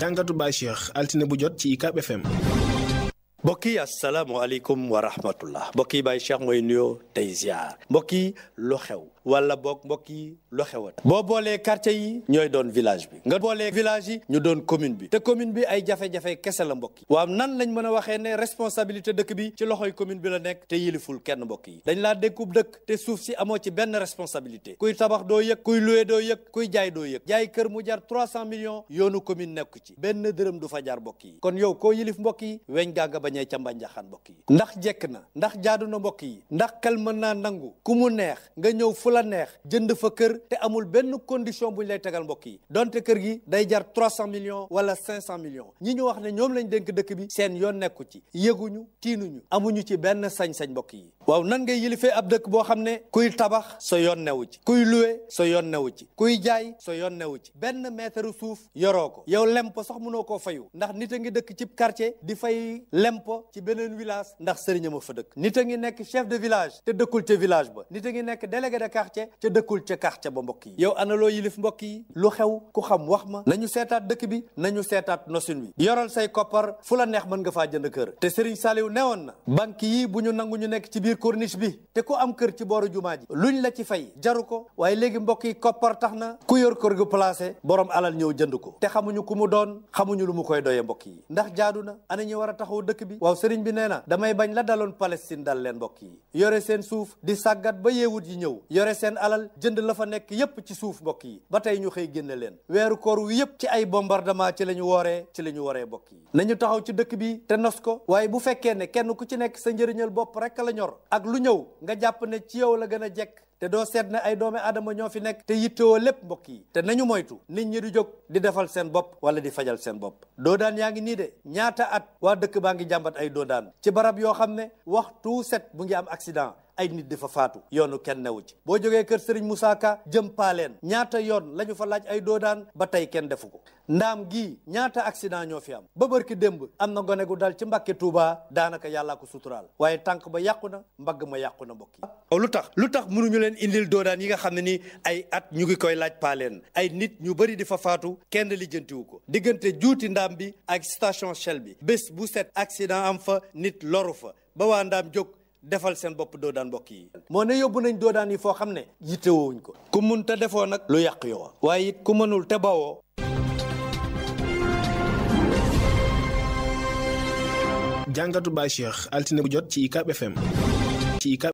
jàngatu Baye Cheikh altine bu jot ci UCAB FM. mbokk yi asalaamaaleykum wa rahmatullah mbokk yi Baye Cheikh mooy nuyoo tey ziar mbokk lu xew. wala boog mbokk yi lu xewoon boo boolee quartier yi ñooy doon village bi nga boolee village yi ñu doon commune bi te commune bi ay jafe-jafe kese la mbokk yi waaw nan lañ mën a waxee ne responsabilité dëkk bi ci loxoy commune bi la nekk te yiliful kenn mbokk yi dañ laa dékkub dëkk te suuf si amoo ci benn responsabilité kuy tabax doo yëg kuy luwe doo yëg kuy jaay doo yëg jaay kër mu jar 300 millions yoonu commune nekku ci benn dërëm du fa jaar mbokk yi kon yow koo yilif mbokk yi weñ gaa nga bañee ca mbokk yi ndax jekk na ndax na mbokk yi ndax kal mën naa nangu ku neex fu la neex jënd fa kër te amul benn condition bu ñu lay tegal mbokk yi donte kër gi day jar 300 millions wala 500 millions ñi ñu wax ne ñoom lañ denk dëkk bi seen yoon nekku ci yëguñu tiinuñu amuñu ci benn sañ-sañ mbokk yi waaw nan ngay yilifee ab dëkk boo xam ne kuy tabax sa yoon newu ci kuy luwe sa yoon newu ci kuy jaay sa yoon newu ci benn mètre suuf yoroo ko yow lempo sax mënoo koo fayu ndax nit a ngi dëkk ci quartier di fay lempo ci beneen village ndax sëriñam a dëkk nit ngi nekk chef de village te dëkkul ca quartier ca dëkkul ca quartier ba mbokk yi yow ana loo yilif mbokk yi lu xew ku xam wax ma ñu seetaat dëkk bi na nañu seetaat nosin wi yoral say koppar fu la neex mën nga faa jënd kër te Serigne Saliou woon na banque yi bu ñu nangu ñu nekk ci biir corniche bi te ku am kër ci booru jumaa ji lu ñu la ci fay jaru ko waaye léegi mbokk yi koppar tax na ku yor kër gu placé boroom alal ñëw jënd ko te xamuñu ku mu doon xamuñu lu mu koy doyee mbokk yi ndax jaadu na ana ñu war a taxaw dëkk bi waaw sëriñ bi nee na damay bañ la daloon Palestine dal leen mbokk yi yore yi ñëw gérer seen alal jënd la fa nekk yépp ci suuf mbokk yi ba tey ñu xëy génne leen weeru koor wi yépp ci ay bombardement ci la ñu wooree ci la ñu waree mbokk yi nañu taxaw ci dëkk bi te nos ko waaye bu fekkee ne kenn ku ci nekk sa njëriñal bopp rek la ñor ak lu ñëw nga jàpp ne ci yow la gën a jekk te doo seet ne ay doomi aadama ñoo fi nekk te yittewoo lépp mbokk yi te nañu moytu nit ñi di jóg di defal seen bopp wala di fajal seen bopp doo daan yaa ngi nii de ñaata at waa dëkk baa ngi jàmbat ay doo ci barab yoo xam ne waxtu ngi am accident ay nit di fa faatu yoonu kenn newu ci boo jógee kër Serigne Moussa Ka jëm paaleen ñaata yoon la ñu fa laaj ay doodaan ba tey kenn defu ko ndaam gi ñaata accident ñoo fi am ba bërki démb am na gone gu dal ci mbàkke Touba daanaka yàllaa ko suturaal waaye tànk ba yàqu na mbagg ma yàqu na mbokk yi oh, lu tax lu tax mënuñu leen indil doodaan yi nga xam ne ni ay at ñu ngi koy laaj paaleen ay nit ñu bari di fa faatu kenn lijjantiwu ko diggante juuti ndaam bi ak station Shell bi bés bu set accident am fa nit loru fa defal seen bopp doodaan mbokk yi moo ne yóbbu nañ doodaan yi foo xam ne yittewoowuñ ko ku mun te defoo nag lu yàq yoo waaye it ku mënul te bawoo jàngatu Baye altine bu jot ci UCAB FM ci UCAB